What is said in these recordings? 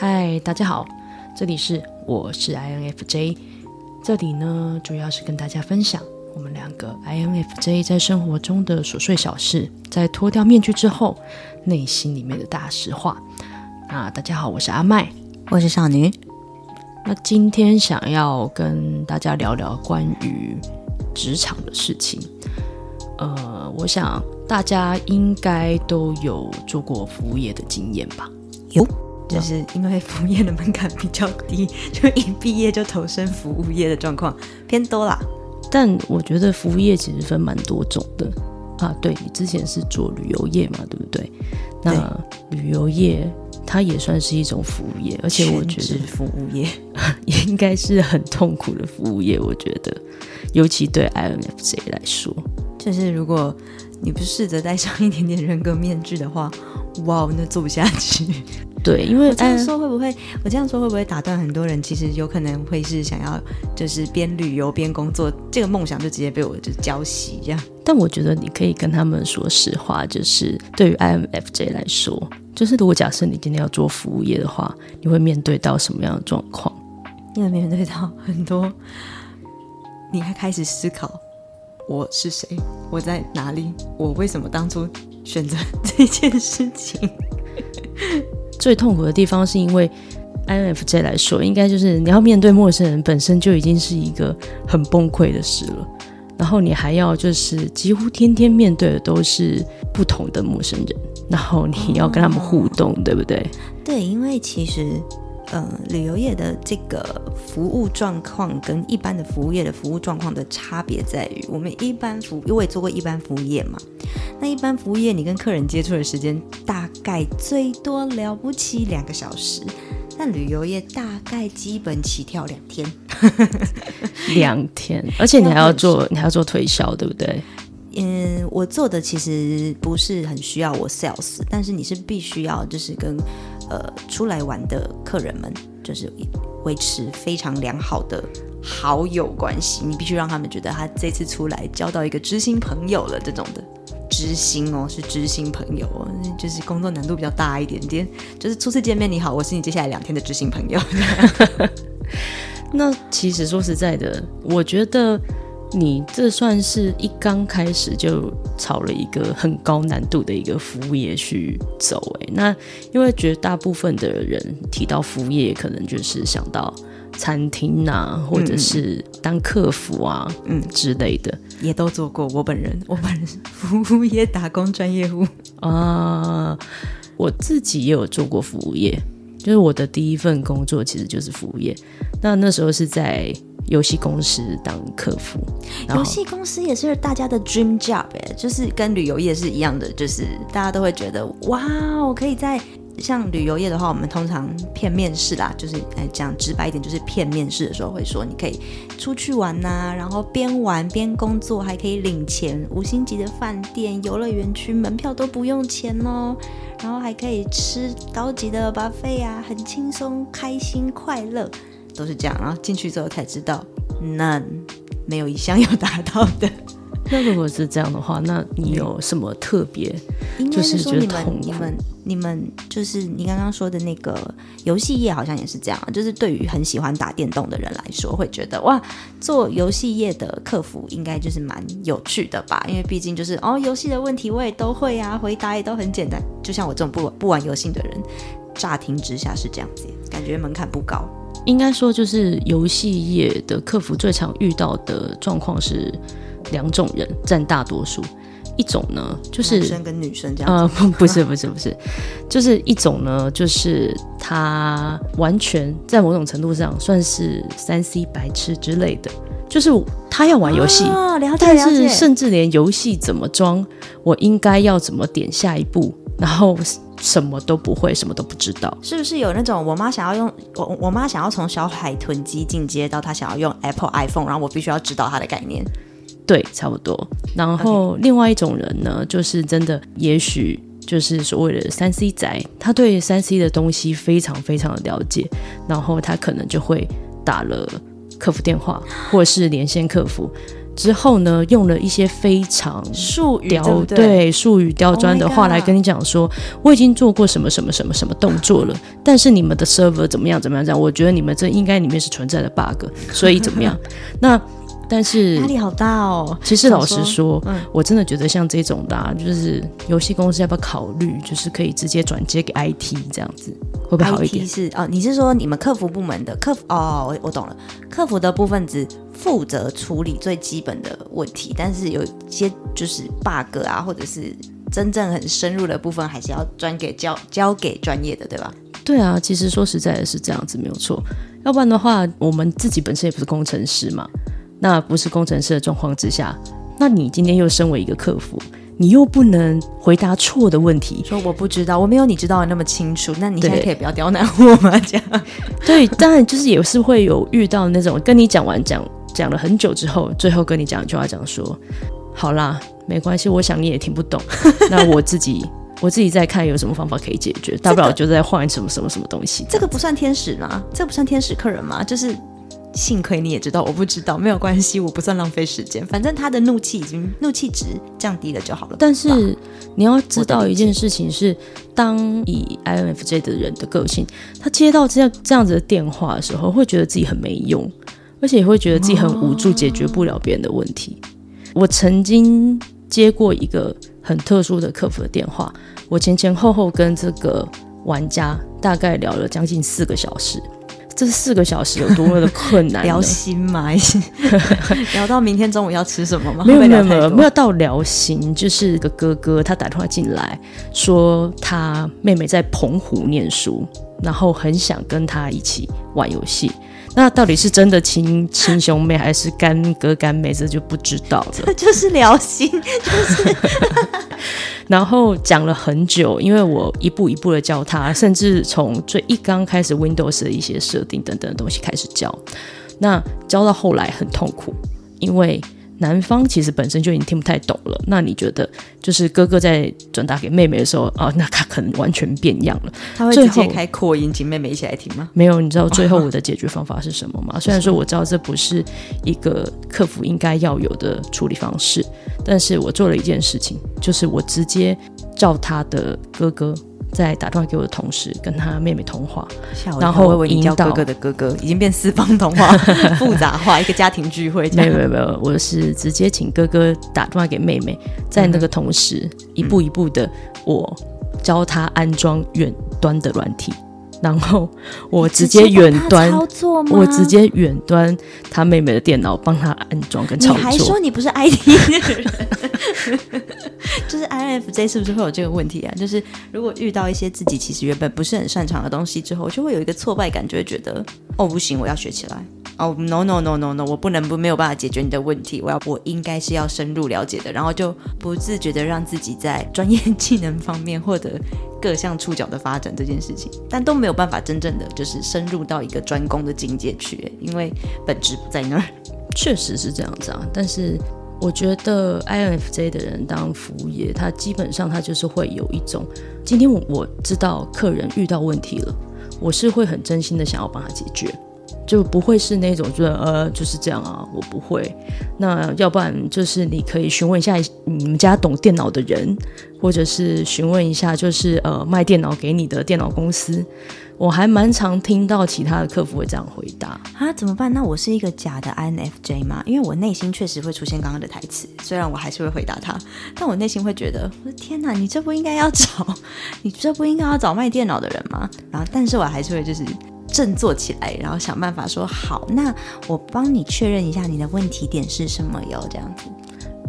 嗨，Hi, 大家好，這裡是我是 INFJ，這裡呢，主要是跟大家分享我們兩個 INFJ 在生活中的瑣碎小事，在脫掉面具之後內心裡面的大實話。那大家好，我是阿麥，我是少年。那今天想要跟大家聊聊關於職場的事情。呃，我想大家應該都有做過服務業的經驗吧？有。就是因為服務業的門檻比較低，就一畢業就投身服務業的狀況偏多啦。但我覺得服務業其實分蠻多種的啊。對，你之前是做旅遊業嘛，對不對？那對旅遊業它也算是一種服務業，而且我覺得服務業 也應該是很痛苦的服務業。我覺得，尤其對 INFJ 來說，就是如果。你不試着戴上一點點人格面具的話，哇，那做不下去。對，因為我這樣說會不會，我這樣說會不會打斷很多人？其實有可能會是想要，就是邊旅遊邊工作，這個夢想就直接被我就澆熄這樣。但我覺得你可以跟他們說實話，就是對於 INFJ 來說，就是如果假設你今天要做服務業的話，你會面對到什麼樣的狀況？你會面對到很多，你還開始思考。我是誰？我在哪裡？我為什麼當初選擇這件事情？ 最痛苦的地方是因為，INFJ 來說，應該就是你要面對陌生人，本身就已經是一個很崩潰的事了。然後你還要就是幾乎天天面對的都是不同的陌生人，然後你要跟他們互動，哦、對不對？對，因為其實。嗯、呃，旅遊業的這個服務狀況跟一般的服務業的服務狀況的差別在於，我們一般服，因為做過一般服務業嘛。那一般服務業，你跟客人接觸的時間大概最多了不起兩個小時，但旅遊業大概基本起跳兩天， 兩天，而且你還要做，你還要做推銷，對不對？嗯，我做的其實不是很需要我 sales，但是你是必須要，就是跟。呃，出來玩的客人們就是維持非常良好的好友關係，你必須讓他們覺得他這次出來交到一個知心朋友了。這種的知心哦，是知心朋友哦，就是工作難度比較大一點點。就是初次見面，你好，我是你接下來兩天的知心朋友。啊、 那其實說實在的，我覺得。你這算是一剛開始就炒了一個很高難度的一個服務業去走哎、欸，那因為絕大部分的人提到服務業，可能就是想到餐廳吶、啊，或者是當客服啊，嗯之類的，也都做過。我本人，我本人是服務業打工專業戶啊， uh, 我自己也有做過服務業，就是我的第一份工作其實就是服務業，那那時候是在。遊戲公司當客服，遊戲公司也是大家的 dream job 哎，就是跟旅遊業是一樣的，就是大家都會覺得，哇，我可以在像旅遊業的話，我們通常騙面試啦，就是講直白一點，就是騙面試的時候會說，你可以出去玩吶、啊，然後邊玩邊工作，還可以領錢，五星級的飯店、遊樂園區門票都不用錢哦、喔，然後還可以吃高級的 buffet 啊，很輕鬆、開心、快樂。都是這樣，然後進去之後才知道那沒有一項要達到的。 那如果是這樣的話，那你有什麼特別？欸、就是說你們、你們、你們，就是你剛剛說的那個遊戲業好像也是這樣，就是對於很喜歡打電動的人來說，會覺得哇，做遊戲業的客服應該就是蠻有趣的吧？因為畢竟就是哦，遊戲的問題我也都會啊，回答也都很簡單。就像我這種不玩不玩遊戲的人，乍聽之下是這樣子，感覺門檻不高。應該說，就是遊戲業的客服最常遇到的狀況是兩種人佔大多數。一種呢，就是男生跟女生這樣。啊，不，不是，不是，不是，就是一種呢，就是他完全在某種程度上算是三 C 白痴之類的，就是他要玩遊戲，啊、了解了解，但是甚至連遊戲怎麼裝，我應該要怎麼點下一步，然後。什麼都不會，什麼都不知道，是不是有那種我媽想要用我我媽想要從小海豚機進階到她想要用 Apple iPhone，然後我必須要知道它的概念？對，差不多。然後 Okay. 另外一種人呢，就是真的，也許就是所謂的三 C 宅，他對三 C 的東西非常非常的了解，然後他可能就會打了客服電話，或是連線客服。 之後呢，用了一些非常術語，對術語刁鑽的話來跟你講說，說、oh 啊、我已經做過什麼什麼什麼什麼動作了， 但是你們的 server 怎麼樣怎麼樣？這樣，我覺得你們這應該裡面是存在的 bug，所以怎麼樣？ 那但是壓力好大哦。其實老實說，我，說嗯、我真的覺得像這種的、啊，就是遊戲公司要不要考慮，就是可以直接轉接給 IT 這樣子，會不會好一點？是哦，你是說你們客服部門的客服？哦我，我懂了，客服的部分是。負責處理最基本的問題，但是有一些就是 bug 啊，或者是真正很深入的部分，還是要轉給交交給專業的，對吧？對啊，其實說實在的是這樣子，沒有錯。要不然的話，我們自己本身也不是工程師嘛，那不是工程師的狀況之下，那你今天又身為一個客服，你又不能回答錯的問題，說我不知道，我沒有你知道的那麼清楚，那你現在可以不要刁難我嗎？這樣。對，當然 就是也是會有遇到那種跟你講完講。講了很久之後，最後跟你講一句話，講說：“好啦，沒關係，我想你也聽不懂。 那我自己，我自己再看有什麼方法可以解決，大不了就再換什麼什麼什麼東西。”這個不算天使嗎？這個、不算天使客人嗎？就是幸虧你也知道，我不知道，沒有關係，我不算浪費時間。反正他的怒氣已經怒氣值降低了就好了。但是你要知道一件事情是：當以 INFJ 的人的個性，他接到這樣這樣子的電話的時候，會覺得自己很沒用。而且也會覺得自己很無助，解決不了別人的問題。哦、我曾經接過一個很特殊的客服的電話，我前前後後跟這個玩家大概聊了將近四個小時。這四個小時有多麼的困難？ 聊心嗎嘛 聊到明天中午要吃什麼嗎？沒有沒有沒有到聊心，就是一個哥哥他打電話進來說，他妹妹在澎湖念書，然後很想跟他一起玩遊戲。那到底是真的親親兄妹還是乾哥、乾妹，這就不知道了。這就是聊心，就是。 然後講了很久，因為我一步一步的教他，甚至從最一剛開始 Windows 的一些設定等等的東西開始教，那教到後來很痛苦，因為。男方其實本身就已經聽不太懂了，那你覺得就是哥哥在轉達給妹妹的時候啊，那他可能完全變樣了。他會直接開擴音請妹妹一起來聽嗎？沒有，你知道最後我的解決方法是什麼嗎？哦，雖然說我知道這不是一個客服應該要有的處理方式，但是我做了一件事情，就是我直接找他的哥哥。在打電話給我的同時，跟他妹妹通話，然後我引導哥哥的哥哥，已經變四方通話， 複雜化 一個家庭聚會。沒有沒有沒有，我是直接請哥哥打電話給妹妹，在那個同時，嗯、哼一步一步的，我教他安裝遠端的軟體。嗯嗯然後我直接遠端直接操作嗎？我直接遠端他妹妹的電腦幫他安裝跟操作。你還說你不是 IT 人？ 就是 INFJ 是不是會有這個問題啊？就是如果遇到一些自己其實原本不是很擅長的東西之後，就會有一個挫敗感，就會覺得哦，不行，我要學起來。哦、oh, no no no no no，我不能不沒有辦法解決你的問題。我要我應該是要深入了解的，然後就不自覺的讓自己在專業技能方面獲得各項觸角的發展這件事情，但都沒有。有辦法真正的就是深入到一個專攻的境界去，因為本質不在那兒。確實是這樣子啊，但是我覺得 INFJ 的人當服務業，他基本上他就是會有一種，今天我知道客人遇到問題了，我是會很真心的想要幫他解決。就不會是那種就是呃就是這樣啊，我不會。那要不然就是你可以詢問一下你們家懂電腦的人，或者是詢問一下就是呃賣電腦給你的電腦公司。我還蠻常聽到其他的客服會這樣回答。啊，怎麼辦？那我是一個假的 INFJ 嗎？因為我內心確實會出現剛剛的台詞，雖然我還是會回答他，但我內心會覺得我的天哪，你這不應該要找，你這不應該要找賣電腦的人嗎？然後，但是我還是會就是。振作起來，然後想辦法說好，那我幫你確認一下你的問題點是什麼喲，這樣子。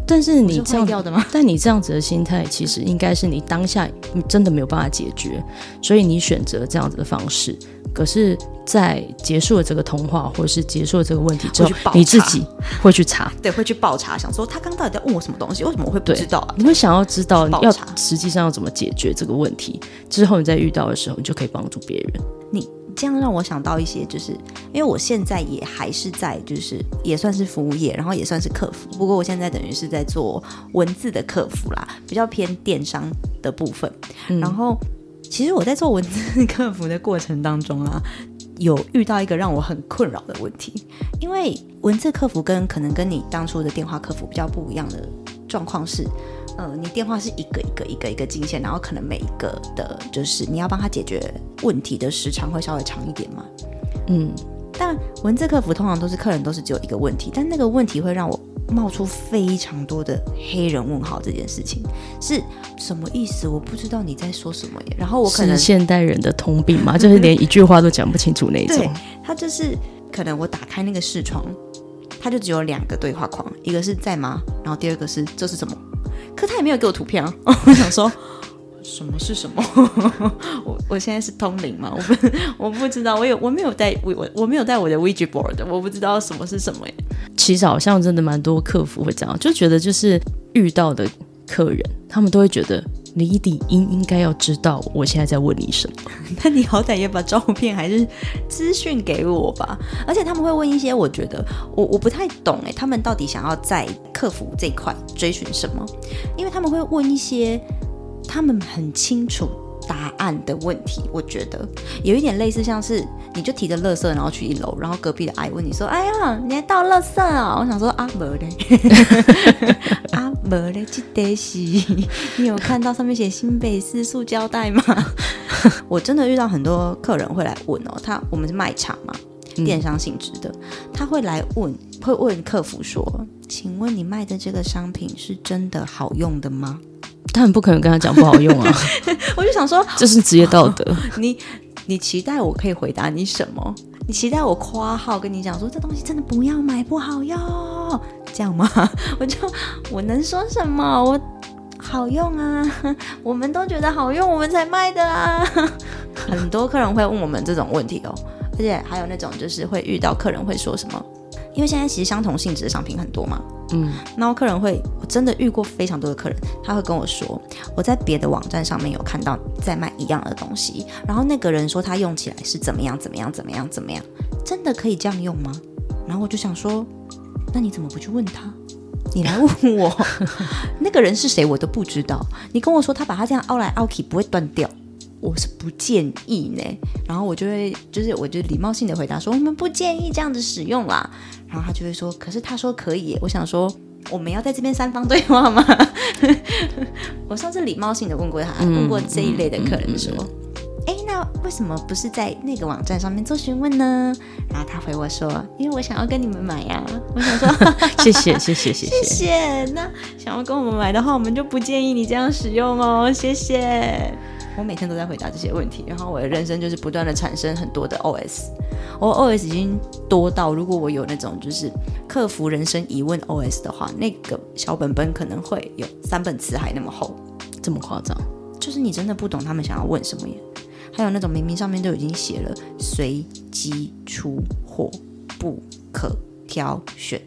但是你這樣的嗎？但你這樣子的心態，其實應該是你當下真的沒有辦法解決，所以你選擇這樣子的方式。可是，在結束了這個通話，或者是結束了這個問題之後，你自己會去查，對，會去報查，想說他剛到底在問我什麼東西，為什麼我會不知道啊？對樣你會想要知道，茶你要實際上要怎麼解決這個問題之後，你再遇到的時候，你就可以幫助別人。你。這樣讓我想到一些，就是因為我現在也還是在，就是也算是服務業，然後也算是客服，不過我現在等於是在做文字的客服啦，比較偏電商的部分。嗯。然後，其實我在做文字客服的過程當中啊，有遇到一個讓我很困擾的問題，因為文字客服跟可能跟你當初的電話客服比較不一樣的狀況是。呃，你電話是一個一個一個一個進線，然後可能每一個的，就是你要幫他解決問題的時長會稍微長一點嘛？嗯，但文字客服通常都是客人都是只有一個問題，但那個問題會讓我冒出非常多的黑人問號。這件事情是什麼意思？我不知道你在說什麼耶。然後我可能是現代人的通病嘛，就是連一句話都講不清楚那一種 對。他就是可能我打開那個視窗，他就只有兩個對話框，一個是在嗎？然後第二個是這是什麼？可他也沒有給我圖片啊，我想說 什麼是什麼？ 我我現在是通靈嘛？我不，我不知道，我有我沒有帶我我我沒有帶我的 Ouija Board 我不知道什麼是什麼欸。其實好像真的蠻多客服會這樣，就覺得就是遇到的客人，他們都會覺得。你一定應應該要知道我現在在問你什麼？ 那你好歹也把照片還是資訊給我吧。而且他們會問一些，我覺得我我不太懂誒、欸，他們到底想要在客服這塊追尋什麼？因為他們會問一些，他們很清楚。答案的問題，我覺得有一點類似，像是你就提着樂色，然後去一樓，然後隔壁的阿姨問你說：“哎呀，你還倒樂色啊？”我想說：“阿伯嘞，阿伯嘞，記得洗。”這是 你有看到上面寫“新北市塑膠袋”嗎？ 我真的遇到很多客人會來問哦，他我們是賣場嘛，嗯、電商性質的，他會來問，會問客服說：“請問你賣的這個商品是真的好用的嗎？”但不可能跟他講不好用啊！ 我就想說，這是職業道德。哦、你你期待我可以回答你什麼？你期待我誇號跟你講說這東西真的不要買，不好用，這樣嗎？我就我能說什麼？我好用啊！我們都覺得好用，我們才賣的啊。 很多客人會問我們這種問題哦，而且還有那種就是會遇到客人會說什麼。因為現在其實相同性質的商品很多嘛，嗯，然後客人會，我真的遇過非常多的客人，他會跟我說，我在別的網站上面有看到在賣一樣的東西，然後那個人說他用起來是怎麼樣怎麼樣怎麼樣怎麼樣，真的可以這樣用嗎？然後我就想說，那你怎麼不去問他，你來問我， 那個人是誰我都不知道，你跟我說他把他這樣拗來拗去不會斷掉。我是不建議呢？然後我就會就是我就禮貌性的回答說，我們不建議這樣子使用啦，然後他就會說，可是他說可以，我想說我們要在這邊三方對話嗎？ 我上次禮貌性的問過他，嗯、問過這一類的客人說，哎、嗯嗯嗯欸，那為什麼不是在那個網站上面做詢問呢？然後他回我說，因為我想要跟你們買呀、啊，我想說 謝謝謝謝謝謝，謝謝，那想要跟我們買的話，我們就不建議你這樣使用哦，謝謝。我每天都在回答這些問題，然後我的人生就是不斷的產生很多的 OS，我 OS 已經多到如果我有那種就是克服人生疑問 OS 的話，那個小本本可能會有三本辭海那麼厚，這麼誇張？就是你真的不懂他們想要問什麼耶，還有那種明明上面都已經寫了隨機出貨不可挑選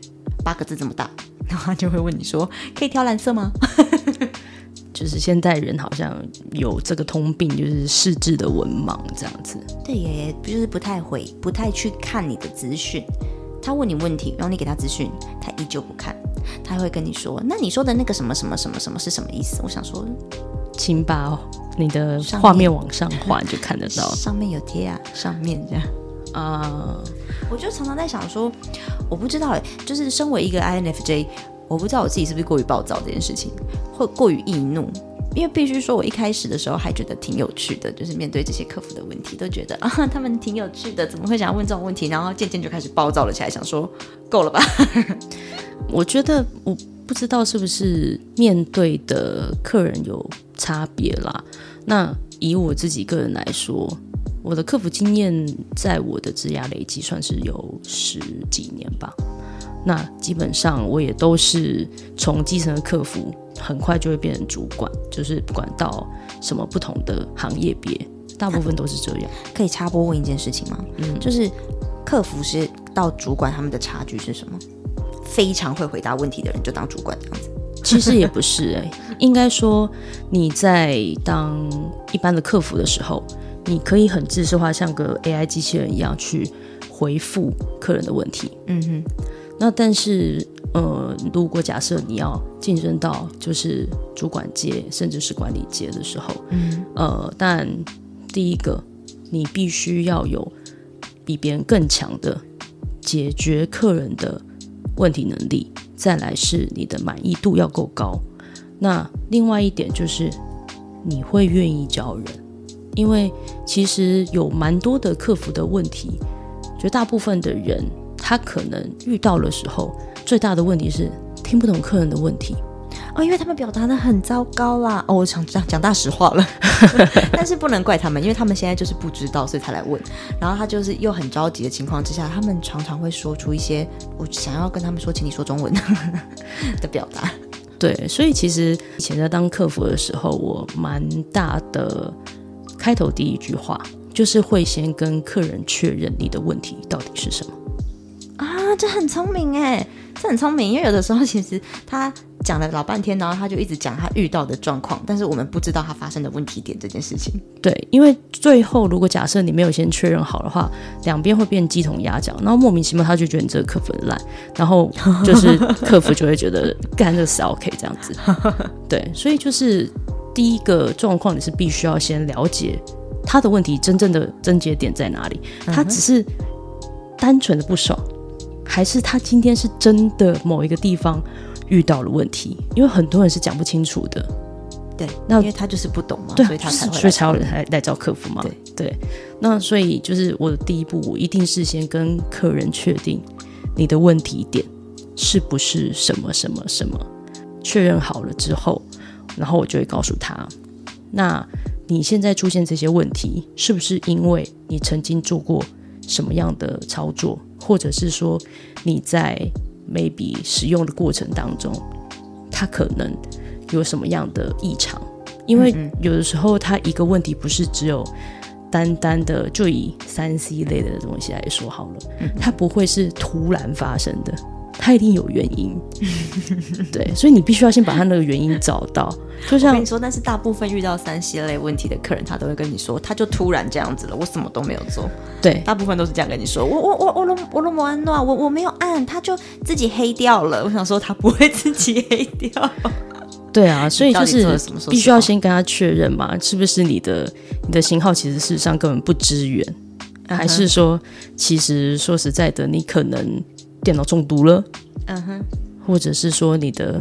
八個字這麼大，然後他就會問你說可以挑藍色嗎？ 就是現在人好像有這個通病，就是識字的文盲這樣子。對，不就是不太會，不太去看你的資訊。他問你問題，然後你給他資訊，他依舊不看。他會跟你說：“那你說的那個什麼什麼什麼什麼是什麼意思？”我想說，請把你的畫面往上滑，就看得到。上面有貼啊，上面這樣。啊、uh,，我就常常在想說，我不知道，哎，就是身為一個 INFJ。我不知道我自己是不是過於暴躁這件事情，會過於易怒，因為必須說，我一開始的時候還覺得挺有趣的，就是面對這些客服的問題，都覺得啊、哦，他們挺有趣的，怎麼會想要問這種問題？然後漸漸就開始暴躁了起來，想說夠了吧。 我覺得我不知道是不是面對的客人有差別啦。那以我自己個人來說，我的客服經驗在我的職涯累積算是有十幾年吧。那基本上我也都是從基層的客服，很快就會變成主管，就是不管到什麼不同的行業別，大部分都是這樣。啊、可以插播問一件事情嗎？嗯，就是客服是到主管他們的差距是什麼？非常會回答問題的人就當主管這樣子。其實也不是、欸， 應該說你在當一般的客服的時候，你可以很自識化，像個 AI 機器人一樣去回復客人的問題。嗯哼。那但是，呃，如果假設你要晉升到就是主管階，甚至是管理階的時候，嗯，呃，但第一個，你必須要有比別人更強的解決客人的問題能力；再來是你的滿意度要夠高。那另外一點就是，你會願意教人，因為其實有蠻多的客服的問題，絕大部分的人。他可能遇到的時候，最大的問題是聽不懂客人的問題哦，因為他們表達的很糟糕啦。哦，我想講講大實話了， 但是不能怪他們，因為他們現在就是不知道，所以才來問。然後他就是又很着急的情況之下，他們常常會說出一些我想要跟他們說，請你說中文 的表達。對，所以其實以前在當客服的時候，我蠻大的開頭第一句話就是會先跟客人確認你的問題到底是什麼。這很聰明哎，這很聰明，因為有的時候其實他講了老半天，然後他就一直講他遇到的狀況，但是我們不知道他發生的問題點這件事情。對，因為最後如果假設你沒有先確認好的話，兩邊會變雞同鴨講，然後莫名其妙他就覺得你這個客服很爛，然後就是客服就會覺得幹這事 OK 這樣子。 對，所以就是第一個狀況，你是必須要先了解他的問題真正的症結點在哪裡，他只是單純的不爽。嗯還是他今天是真的某一個地方遇到了問題，因為很多人是講不清楚的。對，那因為他就是不懂嘛，對所以他才會所以是對才要人來來找客服嘛。對，對，那所以就是我的第一步，我一定是先跟客人確定你的問題點是不是什麼什麼什麼，確認好了之後，然後我就會告訴他，那你現在出現這些問題，是不是因為你曾經做過？什麼樣的操作，或者是說你在 maybe 使用的過程當中，它可能有什麼樣的異常？因為有的時候它一個問題不是只有單單的，就以三 C 類的東西來說好了，它不會是突然發生的。他一定有原因， 對，所以你必須要先把他那個原因找到。就像我跟你說，但是大部分遇到 3C 類問題的客人，他都會跟你說，他就突然這樣子了，我什麼都沒有做。對，大部分都是這樣跟你說，我我我我我我我我沒有按，他就自己黑掉了。我想說，他不會自己黑掉。對啊，所以就是必須要先跟他確認嘛，是不是你的你的型號其實事實上根本不支援，嗯、哼還是說，其實說實在的，你可能。電腦中毒了，嗯哼、uh huh. 或者是說你的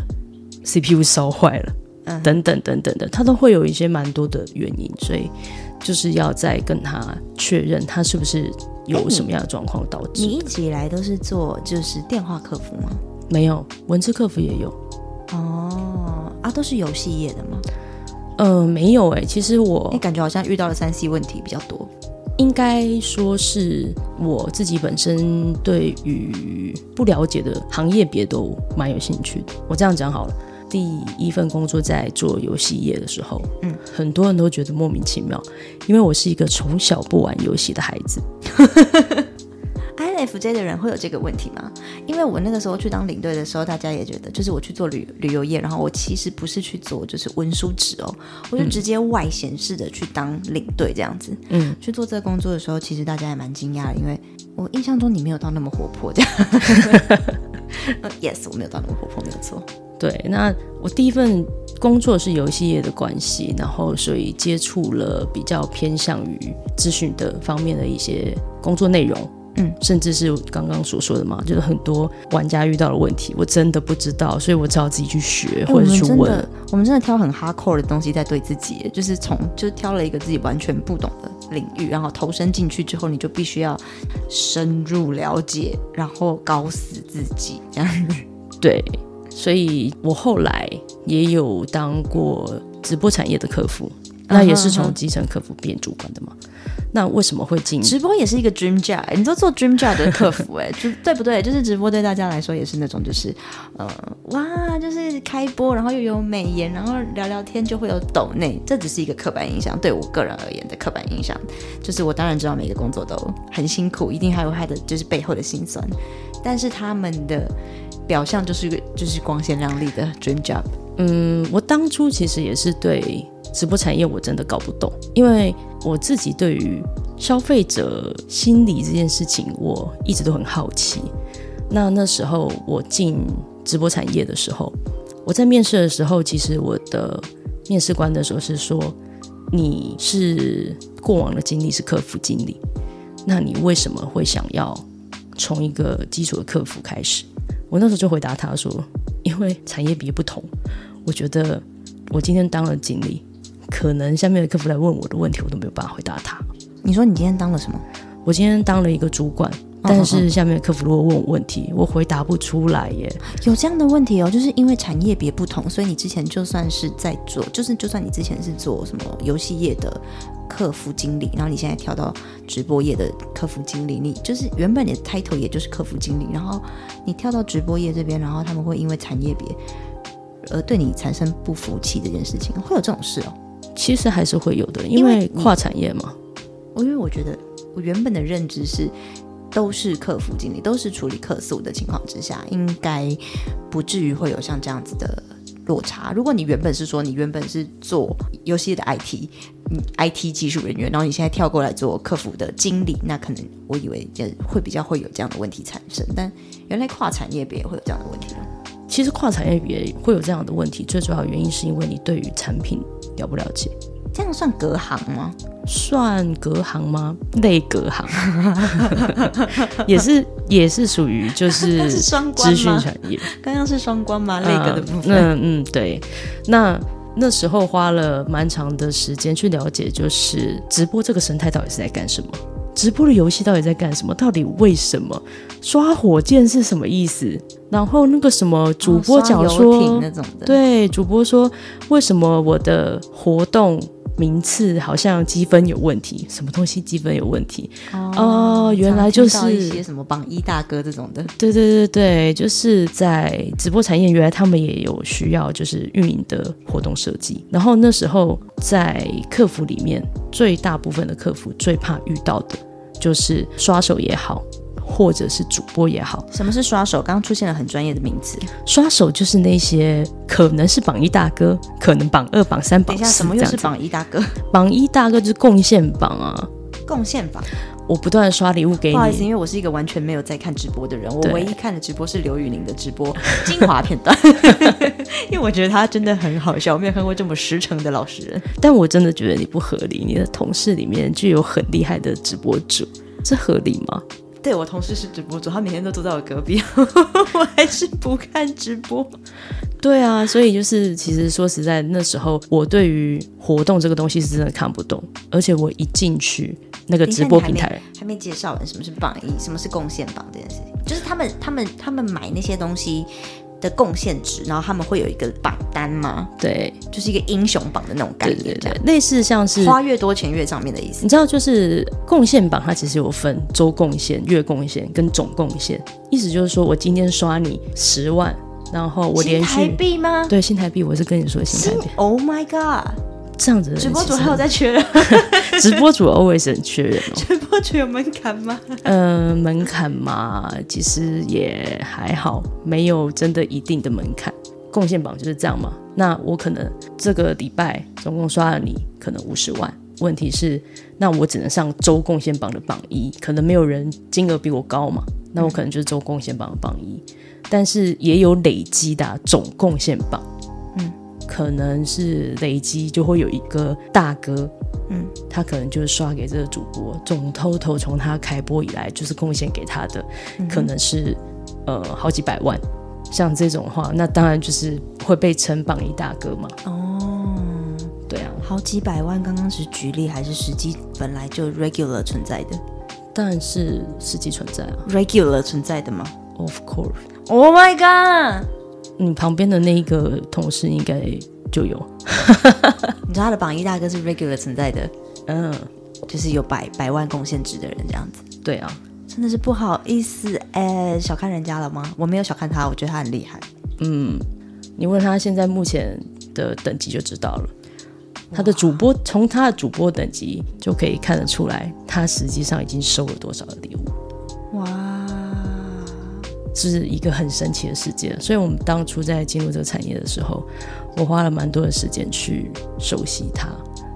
CPU 燒壞了，uh huh. 等等等等的，它都會有一些蠻多的原因，所以就是要再跟他確認他是不是有什麼樣的狀況導致、欸你。你一直以來都是做就是電話客服嗎？沒有，文字客服也有。哦，oh, 啊，都是遊戲業的嗎？呃，沒有、欸，哎，其實我，你、欸、感覺好像遇到了三 C 問題比較多。應該說是我自己本身對於不了解的行業別都蠻有興趣的。我這樣講好了，第一份工作在做遊戲業的時候，嗯，很多人都覺得莫名其妙，因為我是一個從小不玩遊戲的孩子。 INFJ 的人會有這個問題嗎？因為我那個時候去當領隊的時候，大家也覺得，就是我去做旅旅遊業，然後我其實不是去做，就是文書職哦，我就直接外顯示的去當領隊這樣子。嗯，去做這個工作的時候，其實大家也蠻驚訝的，因為我印象中你沒有到那麼活潑，這樣。 Yes，我沒有到那麼活潑，沒有錯。對，那我第一份工作是遊戲業的關係，然後所以接觸了比較偏向於資訊的方面的一些工作內容。嗯，甚至是我剛剛所說的嘛，就是很多玩家遇到的問題，我真的不知道，所以我只好自己去學或者是去問，哎，我們真的，我們真的挑很 hardcore 的東西在對自己，就是從就挑了一個自己完全不懂的領域，然後投身進去之後，你就必須要深入了解，然後搞死自己，這樣。對，所以我後來也有當過直播產業的客服。嗯那也是從基層客服變主管的嗎？啊、呵呵，那為什麼會進直播也是一個 dream job？你說做 dream job 的客服，欸，哎， 就對不對？就是直播對大家來說也是那種，就是呃，哇，就是開播，然後又有美顏，然後聊聊天就會有抖內。這只是一個刻板印象，對我個人而言的刻板印象。就是我當然知道每個工作都很辛苦，一定還有他的就是背後的辛酸，但是他們的表象就是一個就是光鮮亮麗的 dream job。嗯，我當初其實也是對。直播產業我真的搞不懂，因為我自己對於消費者心理這件事情，我一直都很好奇。那那時候我進直播產業的時候，我在面試的時候，其實我的面試官的時候是說：“你是過往的經歷是客服經理，那你為什麼會想要從一個基礎的客服開始？”我那時候就回答他說：“因為產業比較不同，我覺得我今天當了經理。”可能下面的客服來問我的問題，我都沒有辦法回答他。你說你今天當了什麼？我今天當了一個主管，哦，但是下面的客服如果問我問題，哦，我回答不出來耶。有這樣的問題哦，就是因為產業別不同，所以你之前就算是在做，就是就算你之前是做什麼遊戲業的客服經理，然後你現在跳到直播業的客服經理，你就是原本你的 title 也就是客服經理，然後你跳到直播業這邊，然後他們會因為產業別而對你產生不服氣這件事情，會有這種事哦。其實還是會有的，因為，因為跨產業嘛。我因為我覺得我原本的認知是，都是客服經理，都是處理客訴的情況之下，應該不至於會有像這樣子的落差。如果你原本是說你原本是做遊戲的 IT，IT IT 技術人員，然後你現在跳過來做客服的經理，那可能我以為也會比較會有這樣的問題產生，但原來跨產業別也會有這樣的問題。其實跨產業也會有這樣的問題，最主要的原因是因為你對於產品了不了解，這樣算隔行嗎？算隔行嗎？類隔行 也是也是屬於就是資訊產業，剛剛 是雙關嗎？類隔的部分，呃、嗯嗯對。那那時候花了蠻長的時間去了解，就是直播這個生態到底是在幹什麼。直播的遊戲到底在幹什麼？到底為什麼？刷火箭是什麼意思？然後那個什麼主播講說，哦、刷遊艇那種的，對主播說，為什麼我的活動？名次好像積分有問題，什麼東西積分有問題？哦、呃，原來就是一些什麼榜一大哥這種的。對,對對對對，就是在直播產業，原來他們也有需要，就是運營的活動設計。然後那時候在客服裡面，最大部分的客服最怕遇到的就是刷手也好。或者是主播也好，什麼是刷手？剛剛出現了很專業的名詞，刷手就是那些可能是榜一大哥，可能榜二、榜三、榜四。等一下，什麼又是榜一大哥？榜一大哥就是貢獻榜啊！貢獻榜，我不斷的刷禮物給你。不好意思，因為我是一個完全沒有在看直播的人，對我唯一看的直播是劉宇寧的直播精華片段， 因為我覺得他真的很好笑，我沒有看過這麼實誠的老實人。但我真的覺得你不合理，你的同事裡面就有很厲害的直播主，這合理嗎？對，我同事是直播主，他每天都坐在我隔壁， 我還是不看直播。對啊，所以就是其實說實在，那時候我對於活動這個東西是真的看不懂，而且我一進去那個直播平台你你還沒，還沒介紹完，什麼是榜一，什麼是貢獻榜這件事情，就是他們他們他們買那些東西。的貢獻值，然後他們會有一個榜單嗎？對，就是一個英雄榜的那種感覺，類似像是花越多錢越上面的意思。你知道，就是貢獻榜它其實有分周貢獻、月貢獻跟總貢獻，意思就是說我今天刷你十萬，然後我連續，新台幣嗎？對，新台幣，我是跟你說新台幣。Oh my god！這樣子的，直播主還有在缺人？ 直播主 always 很缺人哦。直播主有門檻嗎？呃，門檻嘛，其實也還好，沒有真的一定的門檻。貢獻榜就是這樣嘛。那我可能這個禮拜總共刷了你可能五十萬，問題是，那我只能上周貢獻榜的榜一，可能沒有人金額比我高嘛，那我可能就是周貢獻榜的榜一，嗯、但是也有累積的、啊、總貢獻榜。可能是累積就會有一個大哥，嗯，他可能就是刷給這個主播，總偷偷從他開播以來就是貢獻給他的，嗯哼，可能是呃好幾百萬，像這種話，那當然就是會被稱榜一大哥嘛。哦，對啊，好幾百萬，剛剛是舉例，還是實際本來就 regular 存在的？當然是實際存在啊，regular 存在的嗎？Of course，Oh my God！你旁邊的那一個同事應該就有，你知道他的榜一大哥是 regular 存在的，嗯，就是有百百萬貢獻值的人這樣子。對啊，真的是不好意思，哎、欸，小看人家了嗎？我沒有小看他，我覺得他很厲害。嗯，你問他現在目前的等級就知道了，哇他的主播從他的主播等級就可以看得出來，他實際上已經收了多少的禮物。是一個很神奇的世界，所以我們當初在進入這個產業的時候，我花了蠻多的時間去熟悉它，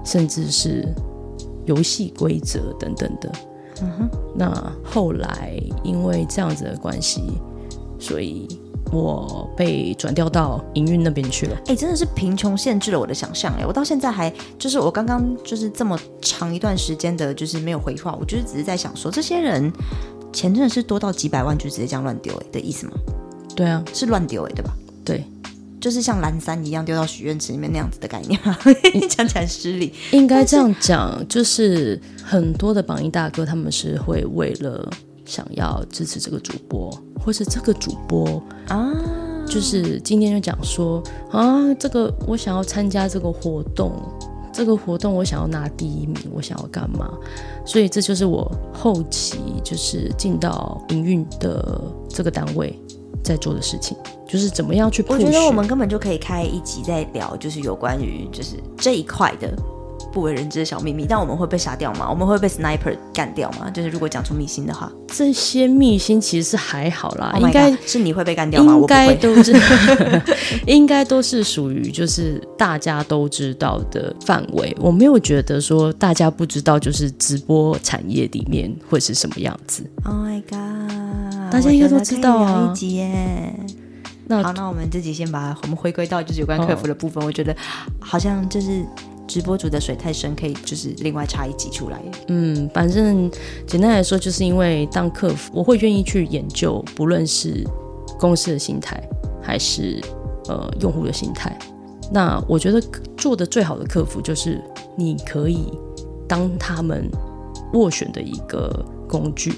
甚至是遊戲規則等等的。嗯哼。那後來因為這樣子的關係，所以我被轉調到營運那邊去了。哎、欸，真的是貧窮限制了我的想象哎、欸！我到現在還就是我剛剛就是這麼長一段時間的就是沒有回話，我就是只是在想說這些人。錢真的是多到幾百萬就直接這樣亂丟誒的意思嗎？對啊，是亂丟誒，對吧？對，就是像藍山一樣丟到許願池裡面那樣子的概念。哈，你講起來失禮，應該這樣講，就是很多的榜一大哥他們是會為了想要支持這個主播，或是這個主播啊，就是今天就講說啊，這個我想要參加這個活動。這個活動我想要拿第一名，我想要幹嘛？所以這就是我後期就是進到營運的這個單位在做的事情，就是怎麼樣去 push。我覺得我們根本就可以開一集在聊，就是有關於就是這一塊的。不為人知的小秘密，但我們會被殺掉嗎？我們會被 Sniper 干掉嗎？就是如果講出秘辛的話，這些秘辛其實是還好啦。應該是你會被幹掉嗎？應該都是， 應該都是屬於就是大家都知道的範圍。我沒有覺得說大家不知道，就是直播產業裡面會是什麼樣子。Oh my god！大家應該都知道啊。那好，那我們自己先把我們回歸到就是有關客服的部分。Oh. 我覺得好像就是。直播主的水太深，可以就是另外插一集出來。嗯，反正簡單來說，就是因為當客服，我會願意去研究，不論是公司的心態，還是呃用戶的心態。那我覺得做的最好的客服，就是你可以當他們斡旋的一個工具。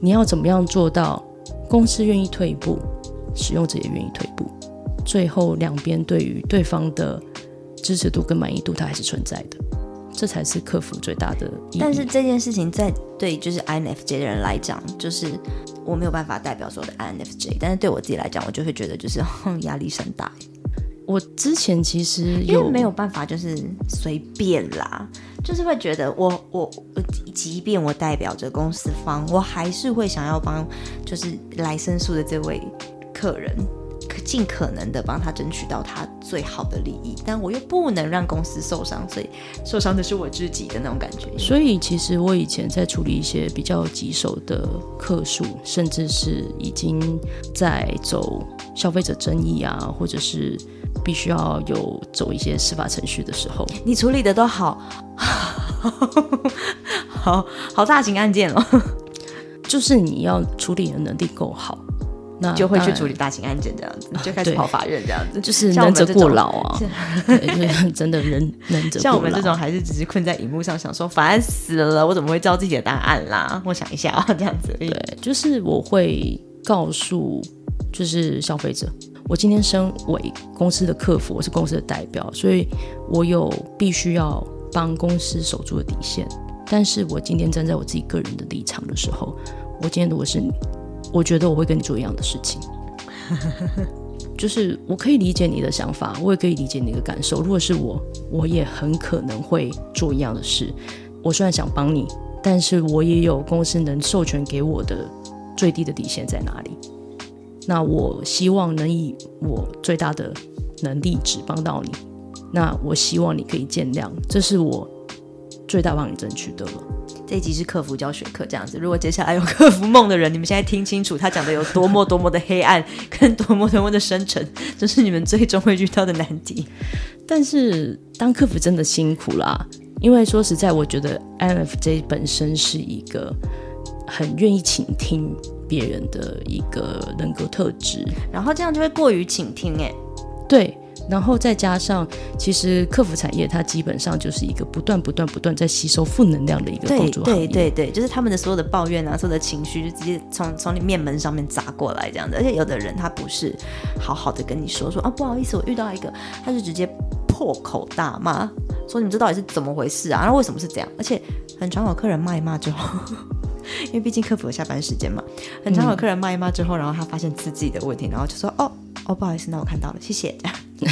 你要怎麼樣做到公司願意退一步，使用者也願意退一步，最後兩邊對於對方的。支持度跟滿意度，它還是存在的，這才是客服最大的。但是這件事情在對就是 INFJ 的人來講，就是我沒有辦法代表所有的 INFJ，但是對我自己來講，我就會覺得就是、嗯、壓力很大。我之前其實因為沒有辦法，就是隨便啦，就是會覺得我我我，我即便我代表着公司方，我還是會想要幫就是來申訴的這位客人。盡可能的幫他爭取到他最好的利益，但我又不能讓公司受傷，所以受傷的是我自己的那種感覺。所以其實我以前在處理一些比較棘手的客訴，甚至是已經在走消費者爭議啊，或者是必須要有走一些司法程序的時候，你處理的都好好好，好大型案件哦，就是你要處理的能力夠好。就會去處理大型案件這樣子，就開始跑法院這樣子，對就是能者過勞啊，是就是、真的忍 能者過勞。像我們這種還是只是困在熒幕上，想說煩死了，我怎麼會知道自己的答案啦？我想一下啊，這樣子。對，就是我會告訴就是消費者，我今天身為公司的客服，我是公司的代表，所以我有必須要幫公司守住的底線。但是我今天站在我自己個人的立場的時候，我今天如果是你。我覺得我會跟你做一樣的事情，就是我可以理解你的想法，我也可以理解你的感受。如果是我，我也很可能會做一樣的事。我雖然想幫你，但是我也有公司能授權給我的最低的底線在哪裡。那我希望能以我最大的能力只幫到你。那我希望你可以見諒，這是我。最大幫你爭取的了。這一集是客服教學課，這樣子。如果接下來有客服夢的人，你們現在聽清楚，他講的有多麼多麼的黑暗， 跟多麼多麼的深沉，這是你們最終會遇到的難題。但是當客服真的辛苦啦，因為說實在，我覺得 INFJ 本身是一個很願意傾聽別人的一個人格特質，然後這樣就會過於傾聽哎、欸。對。然後再加上，其實客服產業它基本上就是一個不斷、不斷、不斷在吸收負能量的一個工作行業。對對對，對，對，就是他們的所有的抱怨啊，所有的情緒就直接從從你面門上面砸過來這樣子。而且有的人他不是好好的跟你說，說啊，不好意思，我遇到一個，他就直接破口大罵，說你們這到底是怎麼回事啊？然後為什麼是這樣？而且很常有客人罵一罵之後，因為畢竟客服有下班時間嘛，很常有客人罵一罵之後，然後他發現自己的問題，然後就說哦哦，不好意思，那我看到了，謝謝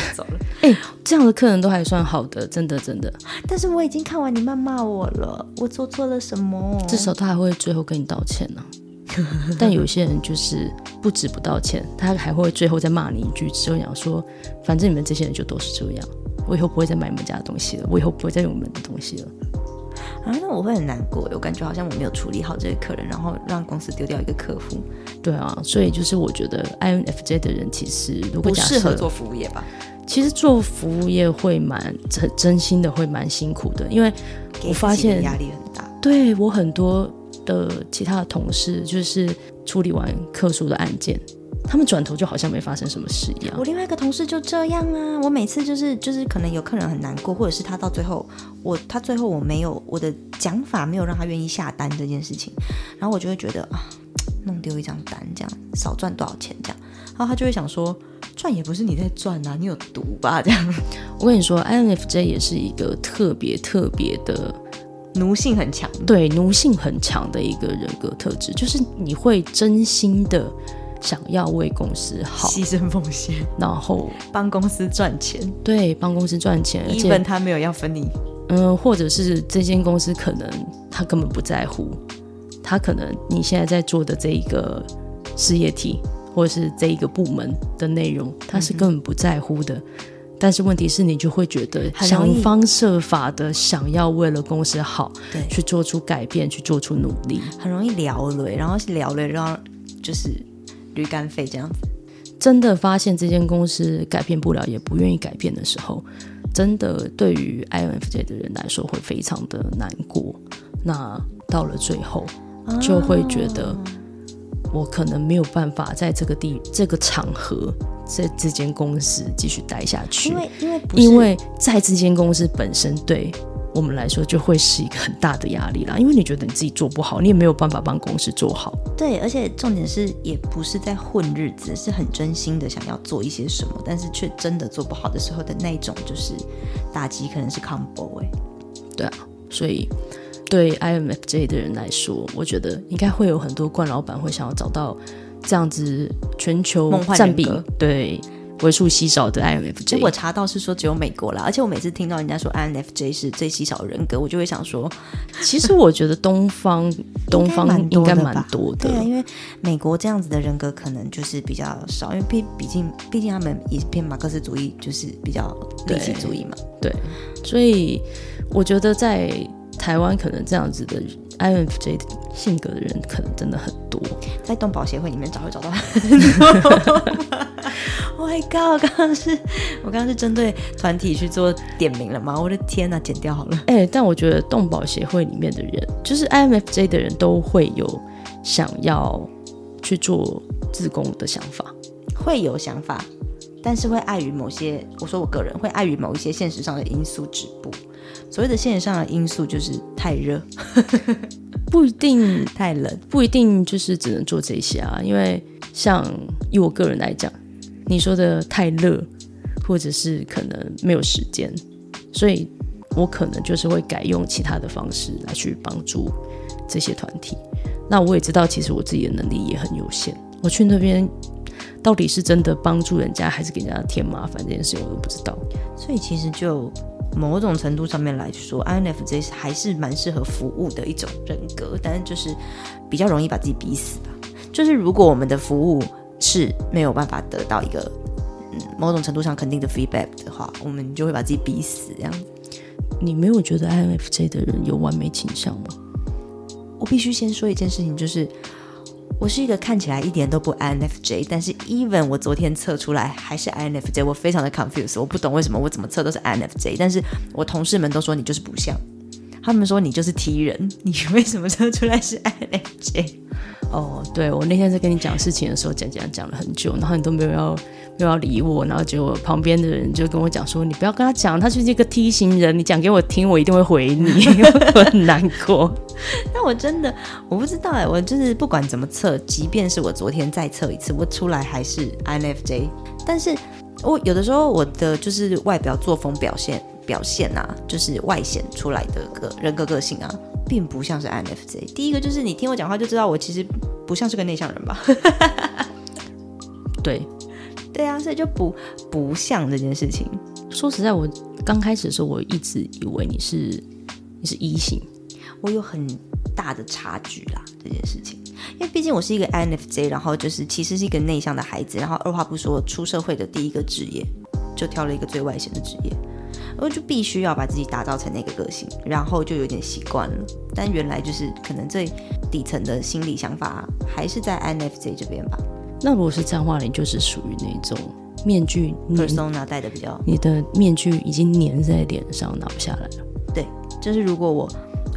走了，哎、欸，這樣的客人都還算好的，真的真的。但是我已經看完你謾罵我了，我做錯了什麼？至少他還會最後跟你道歉呢、啊。 但有些人就是不止不道歉，他還會最後再罵你一句，之後想說，反正你們這些人就都是這樣，我以後不會再買你們家的東西了，我以後不會再用你們的東西了。啊，那我會很難過，我感覺好像我沒有處理好這個客人，然後讓公司丟掉一個客戶。對啊，所以就是我覺得 INFJ 的人其實如果不適合做服務業吧。其實做服務業會蠻真真心的會蠻辛苦的，因為我發現壓力很大。對，我很多的其他的同事就是處理完客訴的案件，他們轉頭就好像沒發生什麼事一、啊、樣。我另外一個同事就這樣啊，我每次就是就是可能有客人很難過，或者是他到最後我他最後我沒有我的講法沒有讓他願意下單這件事情，然後我就會覺得啊，弄丟一張單，這樣少賺多少錢這樣，然後他就會想說，賺也不是你在賺吶、啊，你有毒吧這樣。我跟你說，INFJ 也是一個特別特別的奴性很強，對，奴性很強的一個人格特質，就是你會真心的。想要為公司好，犧牲奉獻，然後幫公司賺錢。對，幫公司賺錢。一本且他沒有要分你，嗯，或者是這間公司可能他根本不在乎，他可能你現在在做的這一個事業體，或是這一個部門的內容，他是根本不在乎的。嗯、哼但是問題是你就會覺得想方設法的想要為了公司好，對，去做出改變，去做出努力，很容易勞累，然後勞累讓就是。驢肝肺這樣子，真的發現這間公司改變不了，也不願意改變的時候，真的對於 INFJ 的人來說會非常的難過。那到了最後，就會覺得我可能沒有辦法在這個地、這個場合，在這間公司繼續待下去，因為因為，因為在這間公司本身對。我們來說就會是一個很大的壓力啦，因為你覺得你自己做不好，你也沒有辦法幫公司做好。對，而且重點是也不是在混日子，是很真心的想要做一些什麼，但是却真的做不好的時候的那種，就是打擊可能是 combo、欸、對啊，所以對 INFJ 的人來說，我覺得應該會有很多慣老闆會想要找到這樣子全球夢幻占比對。為數稀少的 INFJ，嗯、我查到是說只有美國啦。而且我每次聽到人家說 INFJ 是最稀少的人格，我就會想說，其實我覺得東方 東方應該蠻多的。多的。對啊，因為美國這樣子的人格可能就是比較少，因為畢畢竟畢竟他們也偏馬克思主義，就是比較集體主義嘛，對。對，所以我覺得在台灣可能這樣子的 INFJ 性格的人可能真的很多，在動保協會裡面找，會找到。 我靠！Oh、my God，我剛剛是，我剛剛是針對團體去做點名了嗎？我的天吶，剪掉好了。哎、欸，但我覺得動保協會裡面的人，就是 INFJ 的人，都會有想要去做志工的想法，會有想法，但是會礙於某些，我說我個人會礙於某一些現實上的因素止步。所謂的現實上的因素就是太熱， 不一定太冷，不一定就是只能做這些啊。因為像以我個人來講。你說的太熱，或者是可能沒有時間，所以我可能就是會改用其他的方式來去幫助這些團體。那我也知道，其實我自己的能力也很有限。我去那邊，到底是真的幫助人家，還是給人家添麻煩，這件事情我都不知道。所以其實就某種程度上面來說，INFJ 還是蠻適合服務的一種人格，但就是比較容易把自己逼死吧。就是如果我們的服務，是沒有辦法得到一個、嗯、某種程度上肯定的 feedback 的話，我們就會把自己逼死。這樣，你沒有覺得 INFJ 的人有完美傾向嗎？我必須先說一件事情，就是我是一個看起來一點都不 INFJ，但是 even 我昨天測出來還是 INFJ，我非常的 confused，我不懂為什麼我怎麼測都是 INFJ，但是我同事們都說你就是不像，他們說你就是 T 人，你為什麼測出來是 INFJ？哦，oh, 對我那天在跟你講事情的時候，講講講了很久，然後你都沒有要，沒有要理我，然後結果旁邊的人就跟我講說，你不要跟他講，他就是一個 T 型人，你講給我聽，我一定會回你， 我很難過。 但我真的我不知道哎、欸，我就是不管怎麼測，即便是我昨天再測一次，我出來還是 INFJ。但是我有的時候我的就是外表作風表現表現吶、啊，就是外顯出來的個人格個性啊。並不像是 INFJ，第一個就是你聽我講話就知道，我其實不像是個內向人吧？ 對，對啊，所以就不不像這件事情。說實在，我剛開始的時候，我一直以為你是你是 E 型，我有很大的差距啦這件事情，因為畢竟我是一個 INFJ，然後就是其實是一個內向的孩子，然後二話不說出社會的第一個職業就挑了一個最外顯的職業。我就必須要把自己打造成那個個性，然後就有點習慣了。但原來就是可能最底層的心理想法、啊、還是在 N F J 這邊吧。那如果是這樣的話，你就是屬於那種面具 persona 戴的比較，你的面具已經黏在臉上，拿不下來了。對，就是如果我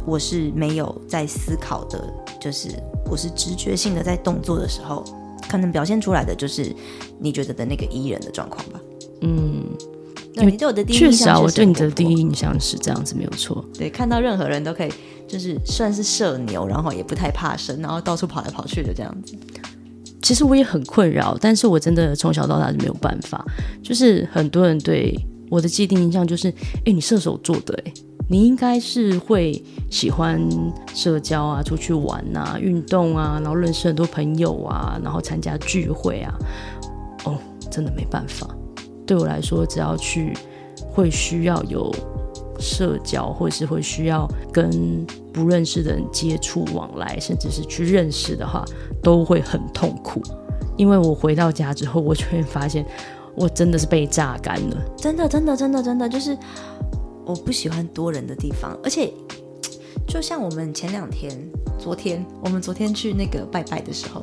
我是沒有在思考的，就是我是直覺性的在動作的時候，可能表現出來的就是你覺得的那個 E 人的狀況吧。嗯。因為你對我的第一印象確實啊，我對你的第一印象是這樣子，沒有錯。對，看到任何人都可以，就是算是社牛，然後也不太怕生，然後到處跑來跑去的這樣子。其實我也很困擾，但是我真的從小到大就沒有辦法，就是很多人對我的既定印象就是，哎、欸，你射手座的、欸，哎，你應該是會喜歡社交啊，出去玩啊、運動啊，然後認識很多朋友啊，然後參加聚會啊。哦，真的沒辦法。對我來說，只要去會需要有社交，或者是會需要跟不認識的人接觸往來，甚至是去認識的話，都會很痛苦。因為我回到家之後，我就會發現我真的是被榨乾了，真的，真的，真的，真的，就是我不喜歡多人的地方，而且就像我們前兩天、昨天，我們昨天去那個拜拜的時候。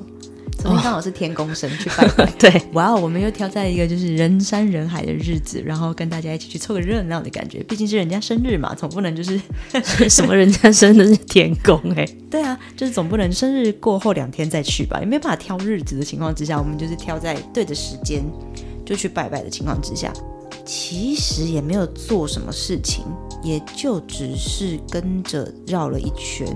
昨天剛好是天公生，去拜拜。哦、對，哇，wow, 我們又挑在一個就是人山人海的日子，然後跟大家一起去湊個熱鬧的感覺。畢竟是人家生日嘛，總不能就是 什麼人家生的是天公哎、欸。對啊，就是總不能生日過後兩天再去吧？也沒辦法挑日子的情況之下，我們就是挑在對的時間就去拜拜的情況之下，其實也沒有做什麼事情，也就只是跟着繞了一圈。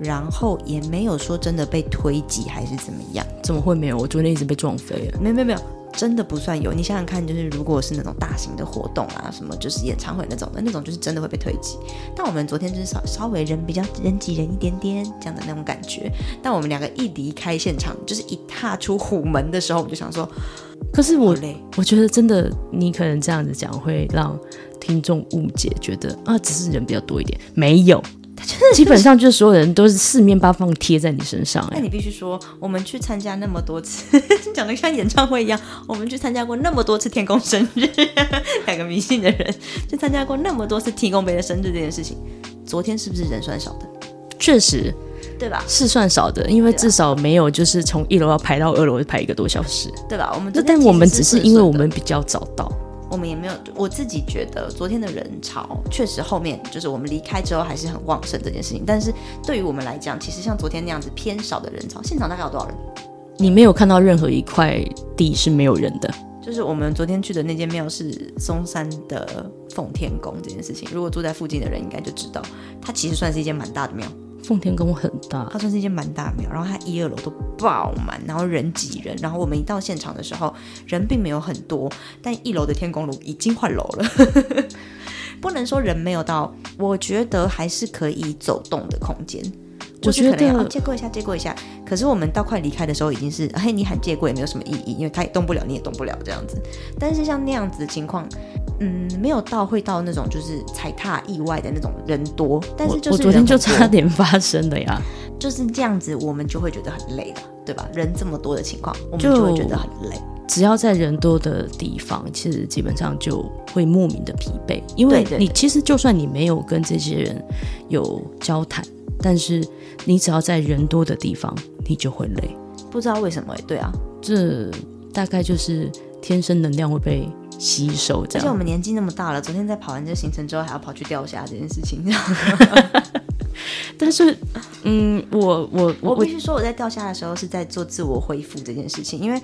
然後也沒有說真的被推擠還是怎麼樣？怎麼會沒有？我昨天一直被撞飛了。沒有沒有沒有，真的不算有。你想想看，就是如果是那種大型的活動啊，什麼就是演唱會那種的，那種就是真的會被推擠。但我們昨天就是稍稍微人比較人擠人一點點這樣的那種感覺。但我們兩個一離開現場，就是一踏出虎門的時候，我就想說，可是我，哦嘞，我覺得真的，你可能這樣子講會讓聽眾誤解，覺得啊，只是人比較多一點，沒有。基本上就是所有人都是四面八方貼在你身上、欸，那 你必須說，我們去參加那麼多次，你講 得像演唱會一樣，我們去參加過那麼多次天空生日，兩 個迷信的人，去參加過那麼多次天空杯的生日這件事情，昨天是不是人算少的？確實，對吧？是算少的，因為至少沒有就是從一樓要排到二樓排一個多小時，對吧？我們順順，都……但我們只是因為我們比較早到。我們也沒有，我自己覺得昨天的人潮確實後面就是我們離開之後還是很旺盛這件事情。但是對於我們來講，其實像昨天那樣子偏少的人潮，現場大概有多少人？你沒有看到任何一塊地是沒有人的。就是我們昨天去的那間廟是松山的奉天宮，這件事情，如果住在附近的人應該就知道，它其實算是一間蠻大的廟。奉天宮很大，它算是間蠻大的廟，然後它一二樓都爆滿，然後人擠人。然後我們一到現場的時候，人並沒有很多，但一樓的天公爐已經換樓了， 不能說人沒有到，我覺得還是可以走動的空間。就是、可能要我覺得對、哦、借過一下，借過一下。可是我們到快離開的時候，已經是哎，你喊借過也沒有什麼意義，因為他也動不了，你也動不了這樣子。但是像那樣子的情況。嗯，沒有到會到那種就是踩踏意外的那種人多，但是就是我，我昨天就差點發生了呀，就是這樣子，我們就會覺得很累了，對吧？人這麼多的情況，我們就會覺得很累。只要在人多的地方，其實基本上就會莫名的疲憊，因為你其實就算你沒有跟這些人有交談，但是你只要在人多的地方，你就會累。不知道為什麼哎、欸，對啊，這大概就是天生能量會被吸收這樣，而且我們年紀那麼大了，昨天在跑完這行程之後，還要跑去釣蝦這件事情，這樣。 但是，嗯，我我我，我必須說，我在釣蝦的時候是在做自我恢復這件事情，因為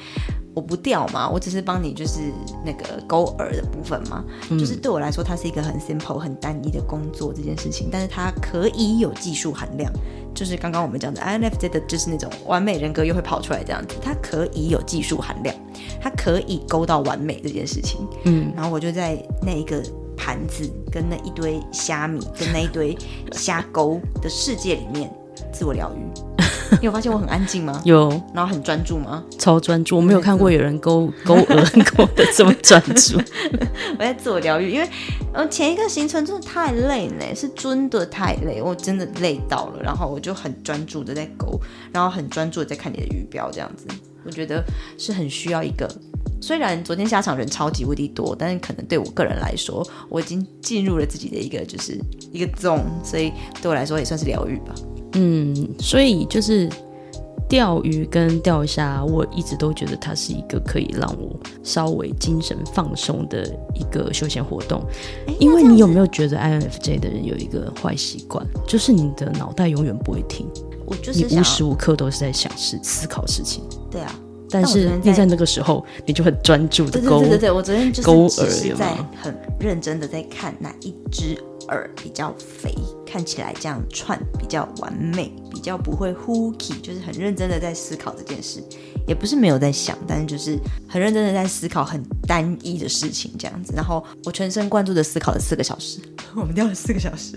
我不釣嘛，我只是幫你就是那個鉤餌的部分嘛，嗯、就是對我來說，它是一個很 simple 很單一的工作這件事情，但是它可以有技術含量，就是剛剛我們講的 INFJ 的就是那種完美人格又會跑出來這樣子，它可以有技術含量，它可以勾到完美這件事情，嗯，然後我就在那一個。盤子跟那一堆蝦米跟那一堆蝦鈎的世界裡面 自我療癒，你有發現我很安靜嗎？有，然後很專注嗎？超專注，我,我沒有看過有人鈎鈎鵝鈎的這麼專注。 我在自我療癒，因為嗯前一個行程真的太累嘞、欸，是真的太累，我真的累到了，然後我就很專注的在鈎，然後很專注,注的在看你的魚標這樣子，我覺得是很需要一個。雖然昨天下場人超級無敵多，但是可能對我個人來說，我已經進入了自己的一個就是一個 zone，所以對我來說也算是療癒吧。嗯，所以就是釣魚跟釣蝦，我一直都覺得它是一個可以讓我稍微精神放鬆的一個休閒活動。欸、因為你有沒有覺得 INFJ 的人有一個壞習慣，就是你的腦袋永遠不會停，我就是無時無刻都是在想事、思考事情。對啊。但是你在，在那個時候，你就很專注的勾。對，對對對，我昨天就是勾耳，在很認真的在看哪一只耳比較肥，嗯、看起來這樣串比較完美，比較不會呼起，就是很認真的在思考這件事，也不是沒有在想，但是就是很認真的在思考很單一的事情這樣子。然後我全神貫注的思考了四個小時，我們釣了四個小時，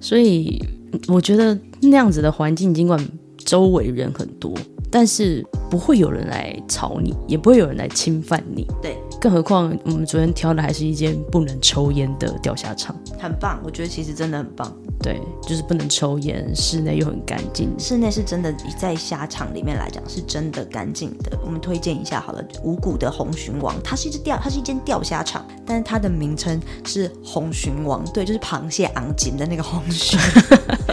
所以我覺得那樣子的環境，儘管周圍人很多。但是不會有人來吵你，也不會有人來侵犯你。對，更何況我們昨天挑的還是一間不能抽煙的釣蝦場，很棒。我覺得其實真的很棒。對，就是不能抽煙，室內又很乾淨。室內是真的，在蝦場裡面來講是真的乾淨的。我們推薦一下好了，五穀的紅鱘王，它是一隻釣，它是一間釣蝦場，但是它的名稱是紅鱘王，對，就是螃蟹昂緊的那個紅鱘。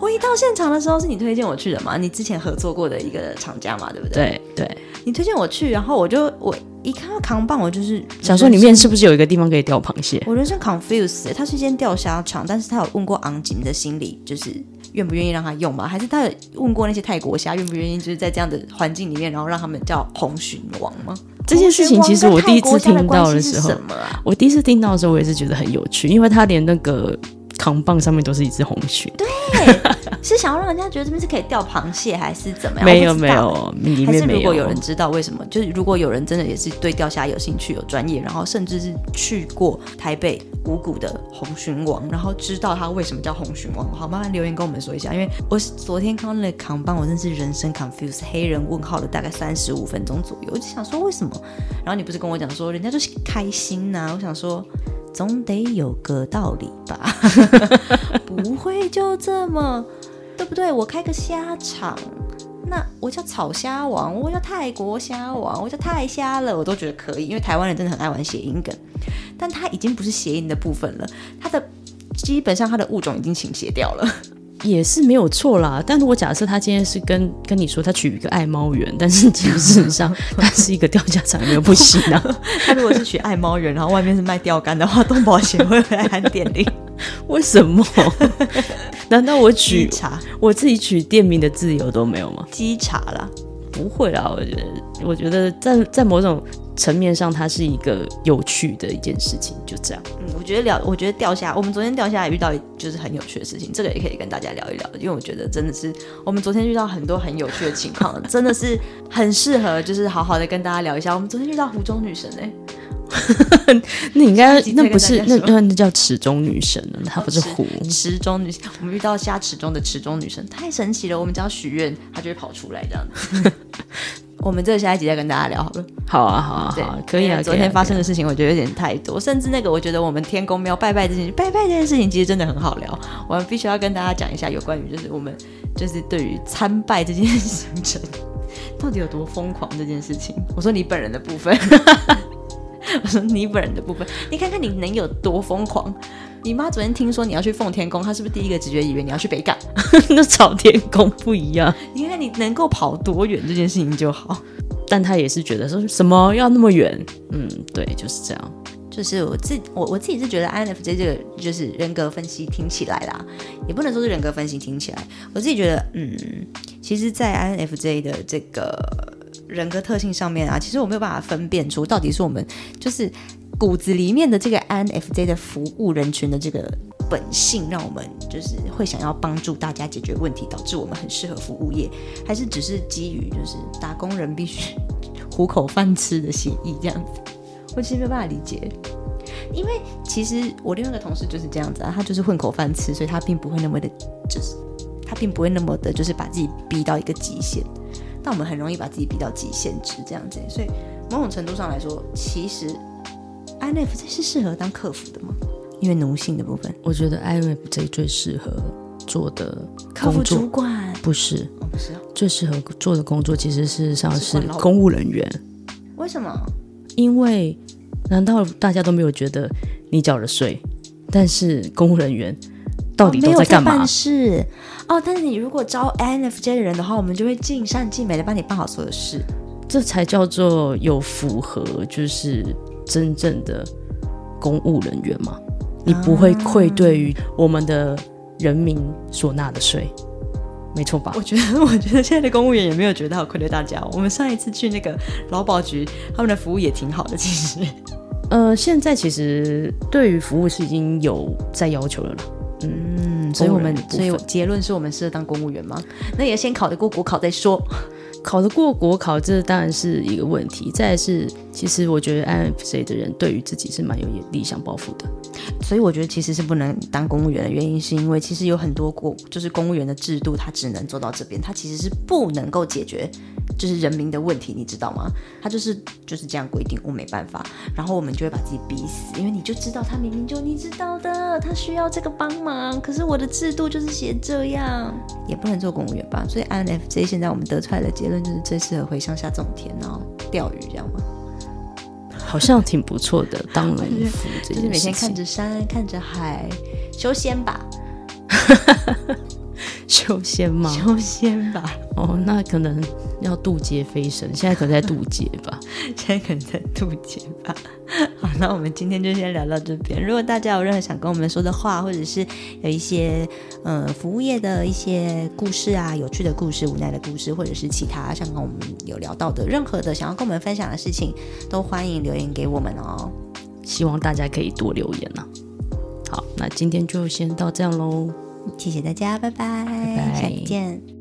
我一到現場的時候，是你推薦我去的嘛？你之前合作過的一個廠家嘛，對不對？對，對你推薦我去，然後我就我一看到扛棒，我就是想說裡面是不是有一個地方可以釣螃蟹？我人生 confuse，、欸、它是一間釣蝦場，但是他有問過昂 n 的心裡就是願不願意讓他用嘛？還是他有問過那些泰國蝦，願不願意就是在這樣的環境裡面，然後讓他們叫紅鱘王嗎？這件事情其實我第一次聽到的時候，什麼啊、我第一次聽到的時候，我也是覺得很有趣，因為他連那個。扛棒上面都是一隻紅熊。對。 是想要讓人家覺得這邊是可以釣螃蟹，還是怎麼樣、欸？沒有沒有，還是如果有人知道為什麼，有就是如果有人真的也是對釣蝦有興趣、有專業，然後甚至是去過台北五股的紅蟳王，然後知道他為什麼叫紅蟳王，好，麻煩留言跟我們說一下。因為我昨天看了扛棒我真是人生 confuse 黑人問號了大概三十五分鐘左右，我就想說為什麼？然後你不是跟我講說人家就是開心吶、啊？我想說總得有個道理吧， 不會就這麼。對不對？我開個蝦場，那我叫草蝦王，我叫泰國蝦王，我叫泰蝦了，我都覺得可以，因為台灣人真的很愛玩諧音梗。但它已經不是諧音的部分了，它的基本上它的物種已經傾斜掉了，也是沒有錯啦。但是我假設他今天是跟跟你說他娶一個愛貓人，但是事實上他是一個釣蝦場也沒有不行啊？ 他如果是娶愛貓人，然後外面是賣釣竿的話，動保協會會不會來喊點名？ 為什麼？ 難道我取茶，查我自己取店名的自由都沒有嗎？機茶啦，不會啦。我覺得，我覺得在在某種層面上，它是一個有趣的一件事情。就這樣。嗯，我覺得聊，我覺得掉下，我們昨天掉下來遇到就是很有趣的事情，這個也可以跟大家聊一聊。因為我覺得真的是，我們昨天遇到很多很有趣的情況， 真的是很適合就是好好的跟大家聊一下。我們昨天遇到湖中女神哎、欸。那應該那不是那那叫池中女神呢？她不是湖池中女。我們遇到下池中的池中女神，太神奇了！我們只要許願，她就會跑出來這樣子。我們這下一集再跟大家聊好了。好啊，好啊，好，可以啊。昨天發生的事情，我覺得有點太……多，甚至那個，我覺得我們天公沒有拜拜這件拜拜這件事情，其實真的很好聊。我們必須要跟大家講一下有關於就是我們就是對於參拜這件行程到底有多瘋狂這件事情。我說你本人的部分。我說你本人的部分，你看看你能有多瘋狂？你媽昨天聽說你要去奉天宮，她是不是第一個直覺以為你要去北港？ 那朝天宮不一樣。你看你能夠跑多遠這件事情就好，但她也是覺得說什麼要那麼遠？嗯，對，就是這樣。就是我自我我自己是覺得 INFJ 這個就是人格分析聽起來啦，也不能說是人格分析聽起來，我自己覺得，嗯，其實，在 INFJ 的這個。人格特性上面啊，其實我沒有辦法分辨出到底是我們就是骨子裡面的這個 N F J 的服務人群的這個本性，讓我們就是會想要幫助大家解決問題，導致我們很適合服務業，還是只是基於就是打工人必須糊口飯吃的心意這樣子？我其實沒有辦法理解，因為其實我另外一個同事就是這樣子啊，他就是混口飯吃，所以他並不會那麼的，就是他並不會那麼的，就是把自己逼到一個極限。那我們很容易把自己逼到極限值這樣子，所以某種程度上來說，其實 INFJ 是適合當客服的嗎？因為奴性的部分，我覺得 INFJ 最適合做的客服主管不是，哦、不是、哦、最適合做的工作其實事實上是公務人員。為什麼？因為難道大家都沒有覺得你繳了稅，但是公務人員？到底都在幹嘛？哦、沒有在辦事哦，但是你如果招 N F J 的人的話，我們就會盡善盡美的幫你辦好所有的事。這才叫做有符合，就是真正的公務人員嘛。你不會愧對於我們的人民所納的稅，嗯、沒錯吧？我覺得，我覺得現在的公務員也沒有覺得好愧對大家。我們上一次去那個勞保局，他們的服務也挺好的。其實，呃，現在其實對於服務是已經有在要求了。嗯，人所以我們所以結論是我們適合當公務員嗎？那也先考得過國考再說。考得過國考，這當然是一個問題。再是，其實我覺得 INFJ 的人對於自己是蠻有理想抱負的，所以我覺得其實是不能當公務員的原因，是因為其實有很多公就是公務員的制度，它只能做到這邊，它其實是不能夠解決，就是人民的問題，你知道嗎？他就是就是這樣規定，我沒辦法。然後我們就會把自己逼死，因為你就知道他明明就你知道的，他需要這個幫忙，可是我的制度就是寫這樣，也不能做公務員吧。所以 INFJ 現在我們得出來的結論就是，最適合回鄉下種田然後釣魚這樣嗎？好像挺不錯的， 當農夫， 就是每天看着山， 看着海，修仙吧。 修仙嗎？修仙吧。哦，那可能要渡劫飛升，現在可能在渡劫吧。 現在可能在渡劫吧。好，那我們今天就先聊到這邊。如果大家有任何想跟我們說的話，或者是有一些嗯、呃、服務業的一些故事啊、有趣的故事、無奈的故事，或者是其他想跟我們有聊到的任何的想要跟我們分享的事情，都歡迎留言給我們哦。希望大家可以多留言呢、啊。好，那今天就先到這樣嘍。謝謝大家，拜拜，拜拜，下期見。拜拜。